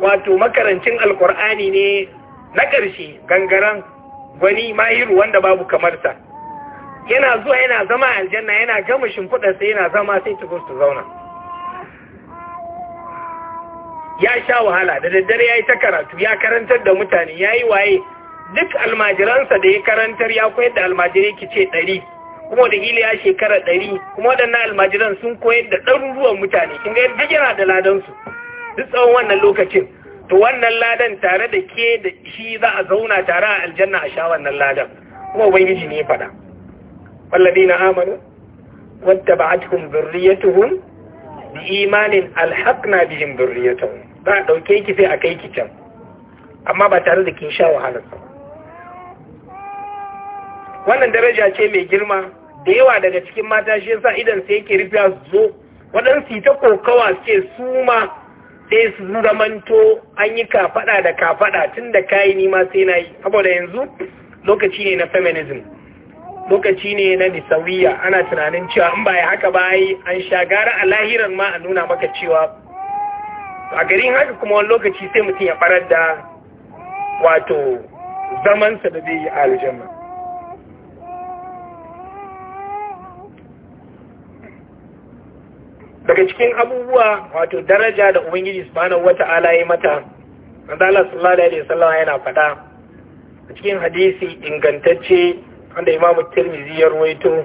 S1: wato makarancin alkur'ani ne na ƙarshe gangaren gwani mahiru wanda babu kamarsa yana zuwa yana zama aljanna yana gama shimfudarsa yana zama sai tukur su zauna ya sha wahala da daddare ya yi ta karatu ya karantar da mutane ya yi waye duk almajiransa da ya karantar ya koyar da almajirai ce ɗari kuma da hili ya shekara ɗari kuma waɗannan almajiran sun koyar da ɗaruruwan mutane kin ga duk yana da ladansu duk tsawon wannan lokacin to wannan ladan tare da ke da shi za a zauna tare a aljanna a sha wannan ladan kuma ubangiji ne ya faɗa والذين آمنوا واتبعتهم ذريتهم بإيمان ألحقنا بهم ذريتهم بعد أوكيك في أكيك كم أما بتردك إن شاء الله wannan daraja ce mai girma da yawa daga cikin mata shi yasa idan sai yake rufiya su zo waɗansu ta kokawa suke su ma sai su zamanto an yi kafaɗa da kafaɗa tun da kayi nima sai na yi saboda yanzu lokaci ne na feminism lokaci ne na nisawiya ana tunanin cewa in ba haka ba an sha gara a lahiran ma a nuna maka cewa a garin haka kuma wani lokaci sai mutum ya farar da wato zamansa da zai yi a aljanna daga cikin abubuwa wato daraja da ubangiji subhanahu ta'ala ya mata manzo Allah sallallahu alaihi wasallam yana faɗa a cikin hadisi ingantacce wanda imamu tirmizi ya ruwaito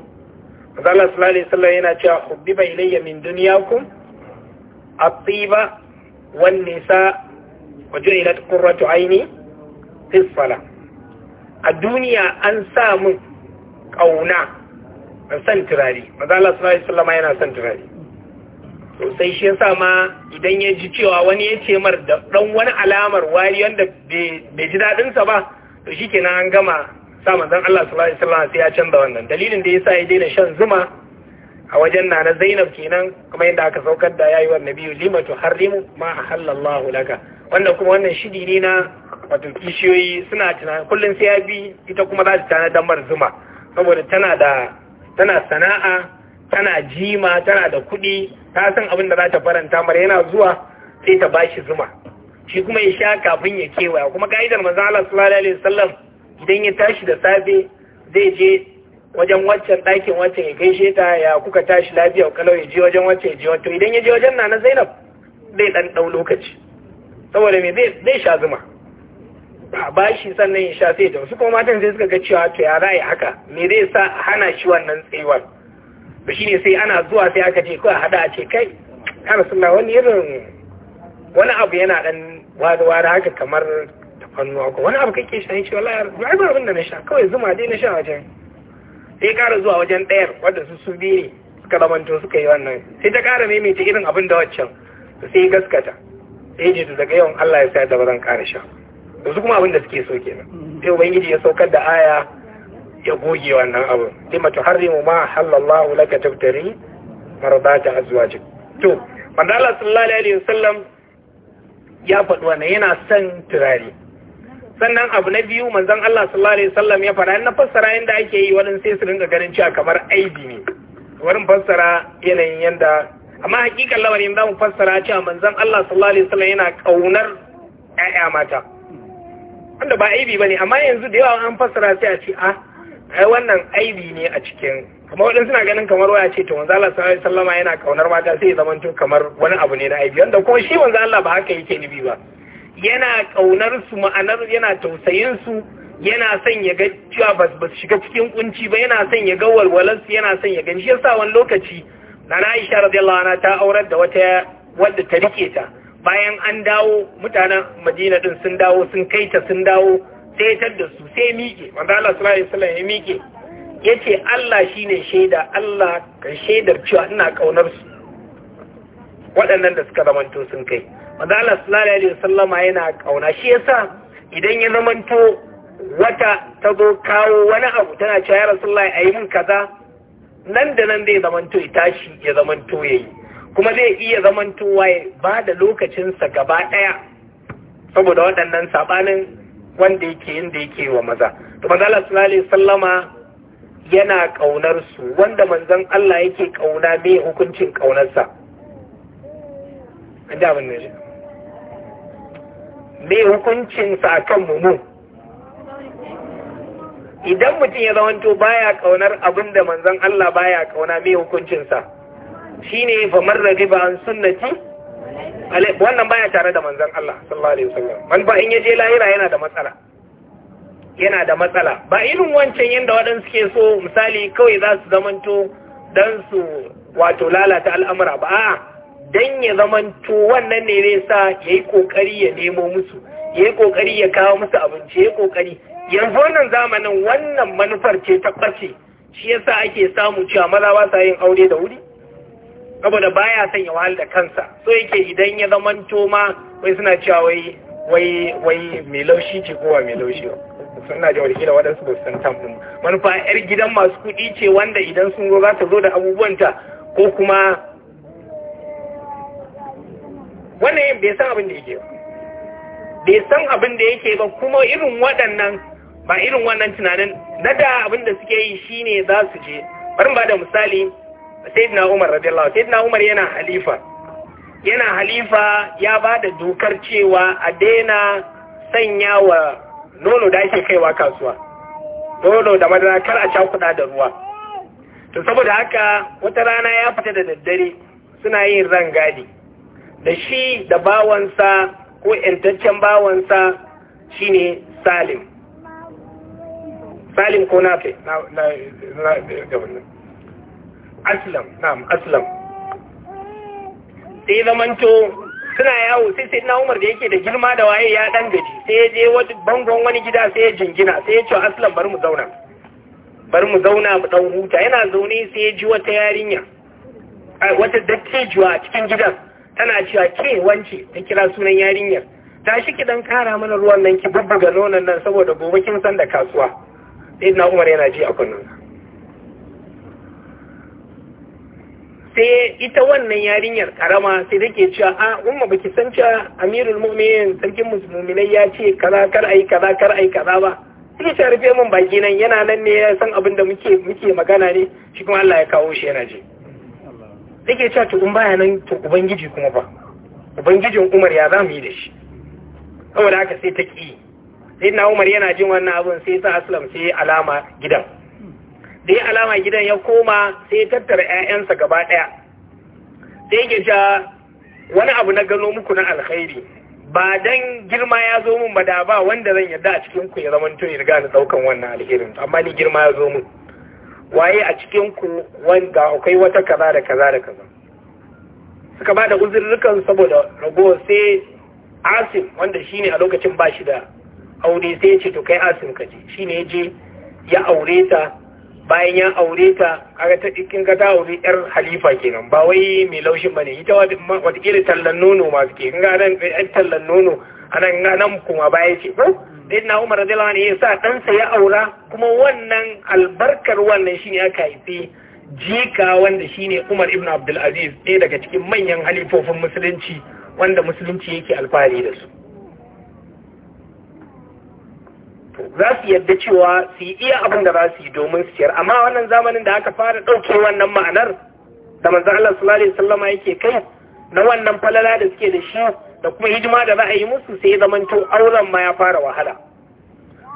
S1: Allah sallallahu alaihi wasallam yana cewa hubbiba ilayya min dunyakum at-tiba wan nisa wa ju'ilat qurratu aini fi salah a duniya an sa mun kauna ban san turare maza Allah sallallahu alaihi yana san turare to sai shi yasa ma idan ya ji cewa wani ya ce mar da ɗan wani alamar wari wanda bai ji dadin ba to shi shikenan an gama sa manzon Allah sallallahu alaihi wasallam sai ya canza wannan dalilin da yasa ya daina shan zuma a wajen na Zainab kenan kuma yadda aka saukar da yayi wa Nabiyyu limatu harrimu ma ahallallahu laka wanda kuma wannan shidi ne na wato kishiyoyi suna tunanin kullum sai ya bi ita kuma za ta tana damar zuma saboda tana da tana sana'a tana jima tana da kuɗi ta san abin da za ta faranta mara yana zuwa sai ta bashi zuma shi kuma ya sha kafin ya kewaya kuma ka'idar manzo Allah sallallahu alaihi wasallam idan ya tashi da safe zai je wajen waccan ɗakin waccan ya gaishe ta ya kuka tashi lafiya kalau ya je wajen waccan ya je wato idan ya je wajen nana zainab zai ɗan ɗau lokaci saboda me zai sha zuma ba ba shi sannan ya sha sai da su kuma matan sai suka ga cewa to ya ra'ayi haka me zai sa hana shi wannan tsayuwar to shine sai ana zuwa sai aka ce ko a hada a ce kai ya rasulullah wani irin wani abu yana ɗan wada wada haka kamar da fannu ko wani abu kake ne shi wallahi ba ba abin da na sha kawai zuma dai na sha wajen sai kara zuwa wajen ɗayar wadda su su biyu ne suka zamanto suka yi wannan sai ta kara mai mai irin abin da waccan sai gaskata sai ji daga yawan Allah ya sa da bazan zan sha yanzu kuma abin da suke so kenan sai ubangiji ya saukar da aya ya goge wannan abin sai mata harimu ma halallahu laka tabtari marbata azwajik to manzo Allah sallallahu alaihi wasallam ya faɗi wannan yana son turare sannan abu na biyu manzon Allah sallallahu alaihi wasallam ya fara na fassara inda ake yi wannan sai su dinga ganin cewa kamar aibi ne wurin fassara yanayin yanda amma hakikan lamarin da mu fassara cewa manzon Allah sallallahu alaihi wasallam yana kaunar ƴaƴa mata wanda ba aibi bane amma yanzu da yawa an fassara sai a ce a ah, ai wannan aibi ne a cikin kuma waɗansu suna ganin kamar waya ce to manzo Allah sallallahu alaihi wasallam yana kaunar mata sai ya zamanto kamar wani abu ne na aibi wanda kuma shi manzo Allah ba haka yake nubi ba yana ƙaunar su ma'anar yana tausayin su yana son ya ga cewa ba su shiga cikin kunci ba yana son ya ga walwalar yana son ya gani shi yasa wani lokaci na Aisha radiyallahu anha ta aurar da wata wadda ta rike ta bayan an dawo mutanen Madina din sun dawo sun kai ta sun dawo sai ta da su sai miƙe manzo Allah sallallahu alaihi ya miƙe yace Allah shine shaida Allah ka shaidar cewa ina kaunar su waɗannan da suka zamanto sun kai madala sallallahu alaihi sallama yana kauna shi yasa idan ya zamanto wata ta zo kawo wani abu tana cewa ya rasulullahi ayi min kaza nan da nan zai zamanto ya tashi ya zamanto yayi kuma zai iya zamantowa waye ba da lokacinsa gaba ɗaya saboda waɗannan sabanin wanda yake yin da yake wa maza to manzo Allah sallallahu alaihi yana kaunar su wanda manzon Allah yake kauna me hukuncin kaunar sa. da abin ne me hukuncinsa a kan mu idan mutum ya to baya kaunar abin da manzon Allah baya kauna mai hukuncinsa shine fa man ba an sunnati wannan baya tare da manzon Allah sallallahu alaihi wasallam man ba in yaje lahira yana da matsala yana da matsala ba irin wancan yanda waɗansu suke so misali kawai za su to dan su wato lalata al'amura ba a'a don ya zamanto wannan ne zai sa ya yi kokari ya nemo musu ya yi kokari ya kawo musu abinci ya yi kokari yanzu wannan zamanin wannan manufar ce ta ɓace shi ya sa ake samu cewa maza ba sa yin aure da wuri saboda baya son ya wahal da kansa so yake idan ya zamanto ma wai suna cewa wai mai laushi ce kowa mai laushi suna jawar warkila waɗansu ba san tamfin manufa yar gidan masu kuɗi ce wanda idan sun zo za ta zo da abubuwanta ko kuma wannan yin bai san abin da yake bai san abin da yake ba kuma irin waɗannan ba irin wannan tunanin na da abin da suke yi shi ne za su je barin ba da misali na Umar radiyallahu na Umar yana halifa yana halifa ya ba da dokar cewa a daina sanya wa nono da ake kaiwa kasuwa nono da madara kar a sha kuɗa da ruwa to saboda haka wata rana ya fita da daddare suna yin rangadi da shi da bawansa ko ‘yantaccen bawansa shine salim salim ko na aslam na aslam sai zamanto suna yawo sai sai na umar da yake da girma da waye ya dan gaji sai ya je wani bangon wani gida sai ya jingina sai ya ce aslam bari mu zauna bari mu zauna mu dan huta yana zaune sai ya ji wata yarinya wata dattijuwa a cikin gidan tana cewa ke wance ta kira sunan yarinyar ta shi ki dan kara mana ruwan nan ki bubbuga nonon nan saboda gobe kin san da kasuwa sai na umar yana ji a kunnan sai ita wannan yarinyar karama sai take cewa a ah, umma baki san cewa amirul mu'minin sarkin musulminai ya ce kaza kar ai kaza kar ai kaza ba sai ta rufe min baki nan yana nan ne ya san abin da muke muke magana ne shi kuma Allah ya kawo shi yana ji yake cewa to in baya nan to ubangiji kuma ba ubangijin umar ya za yi da shi saboda haka sai ta ƙi sai na umar yana jin wannan abin sai sa aslam sai alama gidan da ya alama gidan ya koma sai ya tattara 'ya'yansa gaba ɗaya sai yake cewa wani abu na gano muku na alkhairi ba dan girma ya zo min ba da ba wanda zan yarda a cikin ku ya zama to ya riga ni daukan wannan alherin amma ni girma ya zo min waye a cikinku ku wanda akwai wata kaza da kaza da kaza suka ba da uzurrukan saboda ragowa sai asim wanda shine a lokacin ba shi da aure sai ce to kai asim ka je shine ya je ya aure ta bayan ya aure ta kaga ta cikin ka ta aure yar halifa kenan ba wai mai laushin bane ita wata kila tallan nono ma suke kin ga nan tallan nono anan nan kuma baya ce ko na Umar da lawani ya sa ɗansa ya aura kuma wannan albarkar wannan shine aka haifi jika wanda shine Umar ibn Abdulaziz ɗaya daga cikin manyan halifofin musulunci wanda musulunci yake alfahari da su za su yadda cewa su yi iya abin da za su yi domin su ciyar amma wannan zamanin da aka fara ɗauke wannan ma'anar da manzan Allah sallallahu alaihi wasallama yake kai na wannan falala da suke da shi da kuma hidima da za a yi musu sai zamanto auren ma ya fara wahala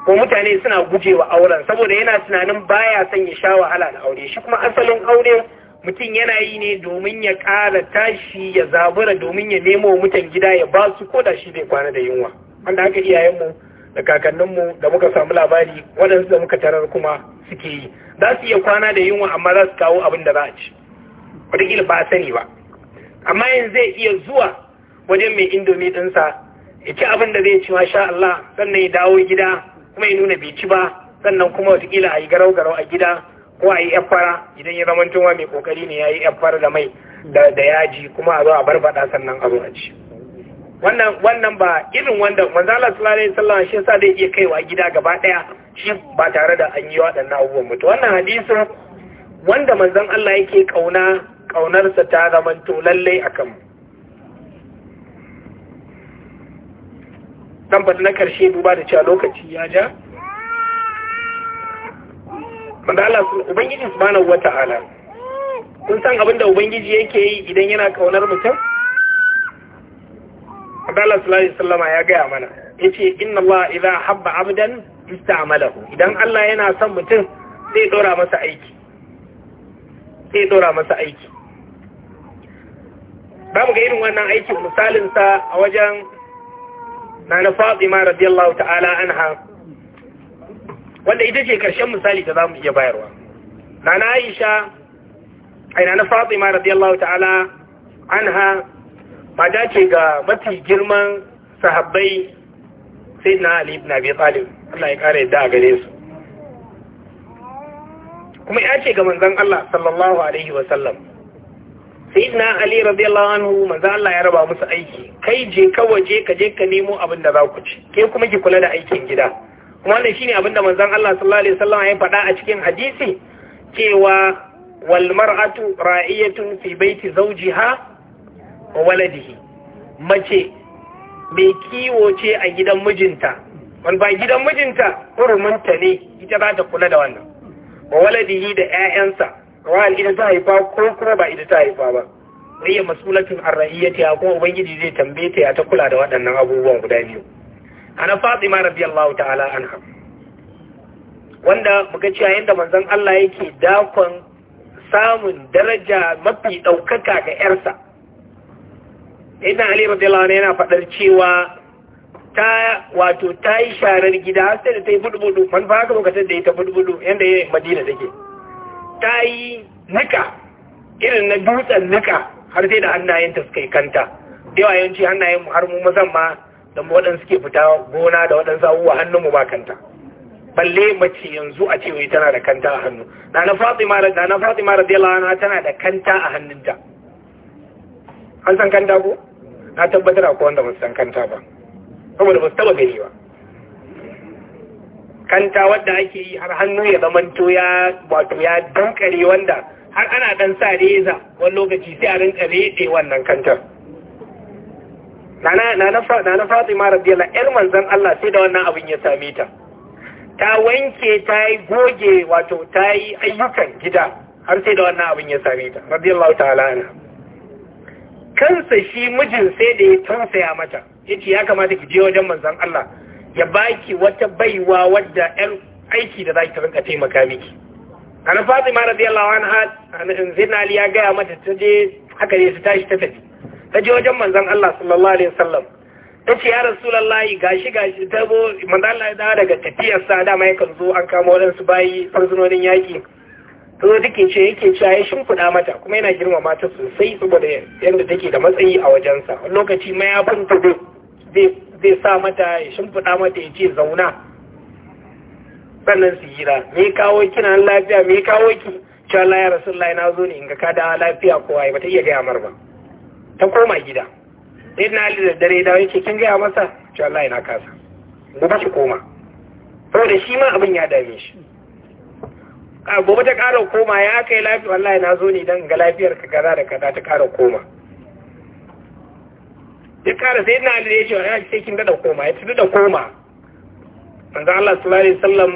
S1: ko mutane suna guje wa auren saboda yana tunanin baya son ya sha wahala da aure shi kuma asalin aure mutum yana yi ne domin ya ƙara tashi ya zabura domin ya nemo mutan gida ya ba su ko da shi bai kwana da yunwa wanda haka mu da kakanninmu da muka samu labari waɗansu da muka tarar kuma suke yi za su iya kwana da yunwa amma za su kawo abin da za a ci wataƙila ba sani ba amma yanzu zai iya zuwa wajen mai indomi ɗinsa ya ci abin da zai ci masha Allah sannan ya dawo gida kuma ya nuna bai ci ba sannan kuma watakila a yi garau garau a gida ko a yi yaffara idan ya zama tunwa mai kokari ne ya yi yaffara da mai da yaji kuma a zo a barbaɗa sannan a zo a ci wannan ba irin wanda manzala sallallahu alaihi wasallam shi yasa zai iya kaiwa gida gaba ɗaya, shi ba tare da an yi waɗannan abubuwan mutu wannan hadisin wanda manzon Allah yake kauna kaunarsa ta zama to lallai akan mu dan na karshe duba da cewa lokaci ya ja wanda Allah ubangiji wata ala, kun san abin da ubangiji yake yi idan yana kaunar mutum wanda Allah su alaihi sallama ya gaya mana ya ce, inna Allah idza habba abdan ista'malahu idan Allah yana son mutum zai dora masa aiki sai dora masa aiki ba mu ga irin wannan aikin misalinsa a wajen na na fatima radiyallahu ta'ala anha wanda ita ce karshen misali da zamu iya bayarwa na na aisha ai na na fatima radiyallahu ta'ala anha mata ce ga mafi girman sahabbai sai na ali ibn abi talib Allah ya kare yadda a gare su kuma ya ce ga manzon Allah sallallahu alaihi wa sallam sayyidina ali radiyallahu anhu manzo Allah ya raba musu aiki kai je ka waje ka je ka nemo abin da za ku ci ke kuma ki kula da aikin gida kuma wannan shine abin da manzon Allah sallallahu alaihi wasallam ya faɗa a cikin hadisi cewa wal mar'atu ra'iyatun fi baiti zawjiha wa waladihi mace mai kiwo ce a gidan mijinta wani ba gidan mijinta hurumunta ne ita za ta kula da wannan wa waladihi da 'ya'yansa rawal ita ta haifa ko kuma ba ita ta haifa ba wayya masulatin arra'iyyati kuma ubangiji zai tambaye ta ya ta kula da waɗannan abubuwan guda biyu A na ma fatima radiyallahu ta'ala an ha. wanda muka cewa yadda manzon Allah yake dakon samun daraja mafi ɗaukaka ga yarsa ina ali radiyallahu ne yana faɗar cewa ta wato ta yi sharar gida har sai da ta yi budubudu man fa haka lokacin da ita budubudu yadda yayin madina take ta yi nika irin na dutsen nika har sai da hannayenta suka yi kanta yawa yanci hannayen har mu mazan ma da waɗanda suke fita gona da waɗansu abubuwa hannunmu ba kanta balle mace yanzu a cewa tana da kanta a hannu na na fatima da na fatima radiyallahu anha tana da kanta a hannunta an san kanta ko na tabbatar akwai wanda ba san kanta ba saboda ba su taba gani ba kanta wadda ake yi har hannu ya zamanto ya wato ya dankare wanda har ana dan sa reza wani lokaci sai a rinka rede wannan kantar nana na fatima radiyallahu yar manzan Allah sai da wannan abin ya same ta ta wanke ta yi goge wato ta yi ayyukan gida har sai da wannan abin ya same ta radiyallahu ta'ala anha kansa shi mijin sai da ya tausaya mata yace ya kamata ki je wajen manzon Allah ya baki wata baiwa wadda ‘yan aiki da za ki rinka taimaka miki. Ana Fatima radiyallahu anha zina Ali ya gaya mata ta je haka ne su tashi ta tafi. Ta je wajen manzon Allah sallallahu alaihi wasallam. Ta ce ya Rasulullahi gashi gashi ta bo manzon Allah ya dawo daga tafiyar sa dama yakan zo an kama waɗansu bayi farzunonin yaƙi. Ta zo ce yake cewa ya kuɗa mata kuma yana girmama ta sosai saboda yadda take da matsayi a wajensa. Lokaci mayafin ta zai zai sa mata ya shimfiɗa mata ya ce zauna sannan su yi ra, me kawo kinan lafiya me kawo ki cewa la rasu rasulullahi na zo ne in ga ka da lafiya kowa ya bata iya gaya mar ba ta koma gida sai na ali da dare da yake kin gaya masa cewa la na kasa gobe shi koma saboda shi ma abin ya dame shi gobe ta ƙara koma ya kai lafiya wallahi na zo ne don ga lafiyar ka kaza da kaza ta ƙara koma ya kara sai na alire shi wani sai kin dada koma ya fi da koma manzo Allah sallallahu alaihi wasallam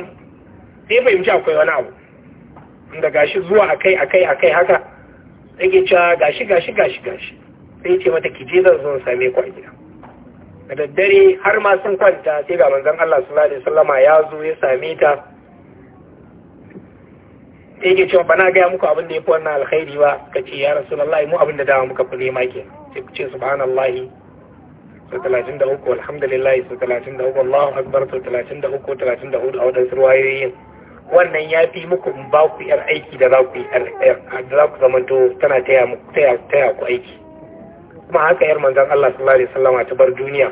S1: sai fahimci akwai wani abu inda gashi zuwa akai akai akai haka yake cewa gashi gashi gashi gashi sai ce mata ki je zan zo same ku a gida da daddare har ma sun kwanta sai ga manzon Allah sallallahu alaihi wasallama ya zo ya same ta sai yake cewa bana gaya muku abin da ya fi wannan alkhairi ba ka ce ya rasu lallahi mu abin da dama muka fi nema ke sai ku ce subhanallahi sau talatin da uku alhamdulillah sau talatin da uku allahu akbar sau talatin da uku talatin da hudu a waɗansu ruwayoyin wannan ya fi muku in ba ku yar aiki da za ku za ku zamanto tana taya ku aiki kuma haka yar manzan Allah sallallahu alaihi wasallam ta bar duniya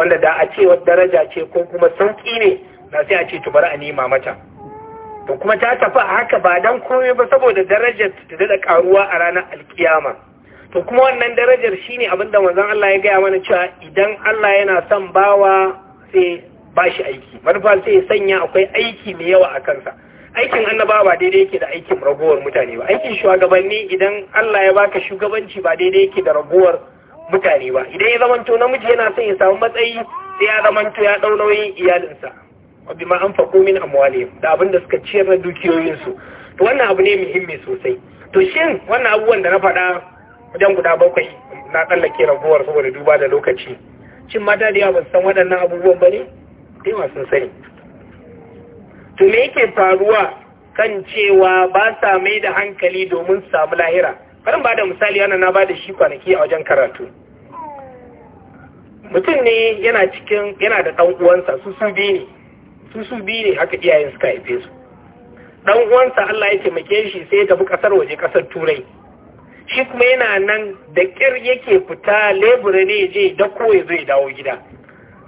S1: wanda da a ce wata daraja ce ko kuma sauki ne na sai a ce to bari a nema mata to kuma ta tafi haka ba dan komai ba saboda darajar ta da karuwa a ranar alkiyama to kuma wannan darajar shine abinda manzon Allah ya gaya mana cewa idan Allah yana son bawa sai ba shi aiki manufa sai ya sanya akwai aiki mai yawa a kansa aikin annabawa ba daidai yake da aikin ragowar mutane ba aikin shugabanni idan Allah ya baka shugabanci ba daidai yake da ragowar mutane ba idan ya zamanto namiji yana son ya samu matsayi sai ya zamanto ya dau nauyin iyalinsa ma an anfaqu min amwalihim da abin da suka ciyar da dukiyoyinsu to wannan abu ne muhimmi sosai to shin wannan abubuwan da na faɗa wajen guda bakwai na tsallake raguwar saboda duba da lokaci cin mata da yawa san waɗannan abubuwan ba ne yawa sun sani to me yake faruwa kan cewa ba sa mai da hankali domin samu lahira karin ba da misali yana na ba da shi kwanaki a wajen karatu mutum ne yana cikin yana da ɗan uwansa su su biyu ne haka iyayen suka haife su ɗan uwansa Allah ya taimake shi sai ya tafi ƙasar waje ƙasar turai shi kuma yana nan da kyar yake fita lebura ne je da kowai zai dawo gida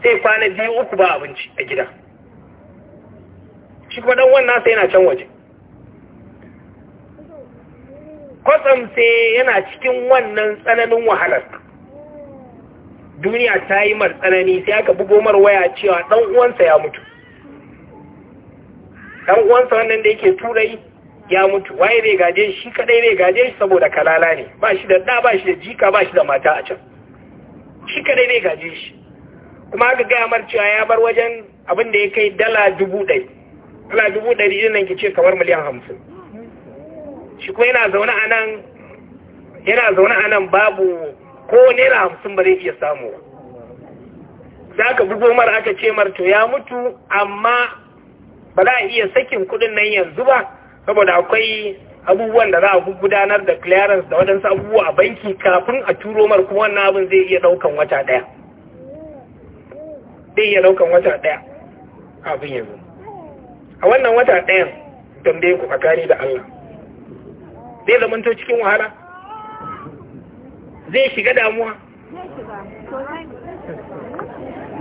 S1: sai kwana biyu uku ba abinci a gida shi kuma wannan sai yana can waje kwatsam sai yana cikin wannan tsananin wahalar duniya ta yi mar tsanani sai aka bugo mar waya cewa ɗan uwansa ya mutu Ɗan uwansa wannan da yake turai ya mutu waye ne gaje shi kadai ne gaje shi saboda kalala ne ba shi da da ba shi da jika ba shi da mata a can shi kadai ne gaje shi kuma aka gaya mar cewa ya bar wajen abin da ya kai dala dubu ɗari dala dubu ɗari ɗin nan ce kamar miliyan hamsin shi kuma yana zaune a nan yana zaune a nan babu ko naira hamsin ba zai iya samu za ka bugo mar aka ce mar to ya mutu amma ba za a iya sakin kuɗin nan yanzu ba saboda akwai abubuwan da za a gudanar da clearance da waɗansu abubuwa a banki kafin a turo mar kuma wannan abin zai iya ɗaukan wata ɗaya zai iya ɗaukan wata ɗaya abin yanzu a wannan wata ɗayan tambayin ku tsakani da Allah zai zamanto cikin wahala zai shiga damuwa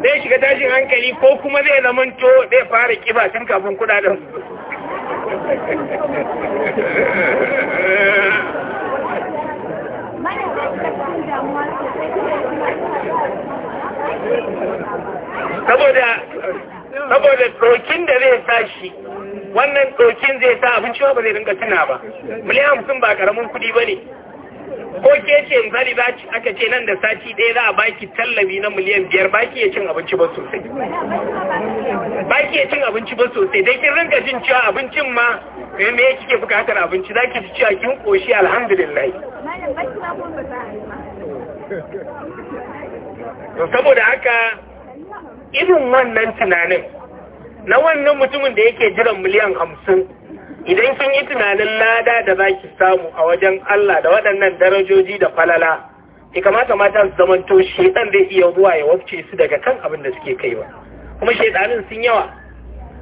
S1: zai shiga tashin hankali ko kuma zai zamanto zai fara kiba tun kafin kudaden saboda ɗokin da zai tashi wannan ɗokin zai sa abinci ba zai dinga tuna ba miliyan 50 ba karamin kuɗi ba ne ko ke ce zari aka ce nan da sati ɗaya za a baki tallabi na miliyan biyar baki ya cin abinci ba sosai baki ya cin abinci ba sosai dai kin rinka jin cewa abincin ma Me eh, me kike bukatar abinci zaki ji cewa kin koshi alhamdulillah to saboda haka irin wannan tunanin na wannan mutumin da yake jiran miliyan hamsin idan kin yi tunanin lada da zaki samu a wajen Allah da waɗannan darajoji da falala ki kamata mata su zamanto shaidan zai iya zuwa ya wafce su daga kan abin da suke kai kuma shaidanin sun yawa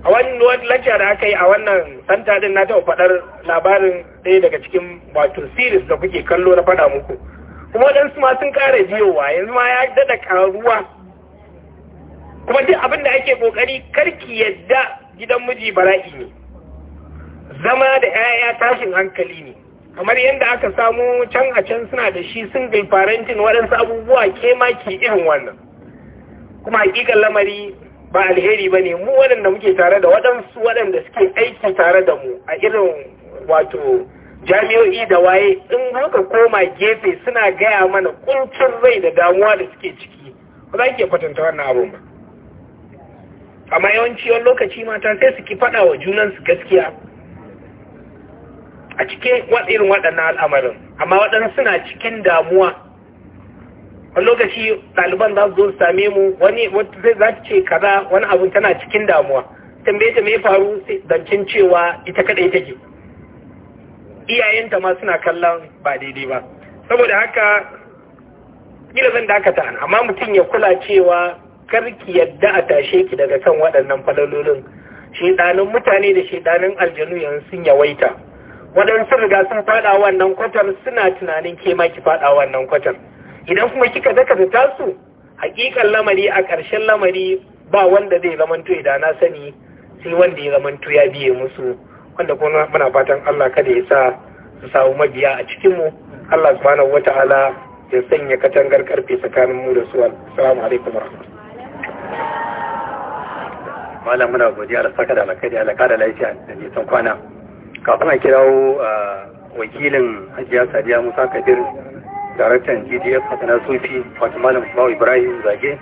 S1: a wani lacca da aka yi a wannan santa din na taɓa faɗar labarin ɗaya daga cikin wato series da kuke kallo na faɗa muku kuma waɗansu ma sun ƙara biyowa yanzu ma ya daɗa ƙaruwa kuma duk abin da ake ƙoƙari karki yadda gidan miji bara'i ne zama da 'ya'ya tashin hankali ne kamar yadda aka samu can a can suna da shi sun gai farantin waɗansu abubuwa ke maki irin wannan kuma hakikar lamari ba alheri ba ne mu waɗanda muke tare da waɗansu waɗanda suke aiki tare da mu a irin wato jami'o'i da waye in muka koma gefe suna gaya mana kuncin rai da damuwa da suke ciki ba za ki kwatanta wannan abun ba amma yawanci wani lokaci mata sai su ki faɗa wa junansu gaskiya a cikin irin waɗannan al'amarin amma waɗannan suna cikin damuwa wani lokaci ɗaliban za su zo su same mu wani zai za ce kaza wani abu tana cikin damuwa tambaye ta me faru zancen cewa ita kaɗai ke. iyayenta ma suna kallon ba daidai ba saboda haka kila zan dakata amma mutum ya kula cewa karki yadda a tashe ki daga kan waɗannan falalolin shedanin mutane da ɗanin aljanu yanzu sun yawaita waɗansu riga sun faɗa wannan kwatar suna tunanin ke ma ki faɗa wannan kwatar idan kuma kika daka ta tasu haƙiƙan lamari a ƙarshen lamari ba wanda zai zamanto idan na sani sai wanda ya zamanto ya biye musu wanda kuma muna fatan Allah kada ya sa su samu mabiya a cikin mu Allah subhanahu wata'ala ya sanya katangar karfe tsakanin mu da su assalamu alaikum warahmatullahi malam muna godiya da saka da alkhairi Allah lafiya da nisan kwana kafin a kirawo uh, wakilin hajiya sadiya musa kabir daraktan gds hasana sufi wato malam ibrahim zage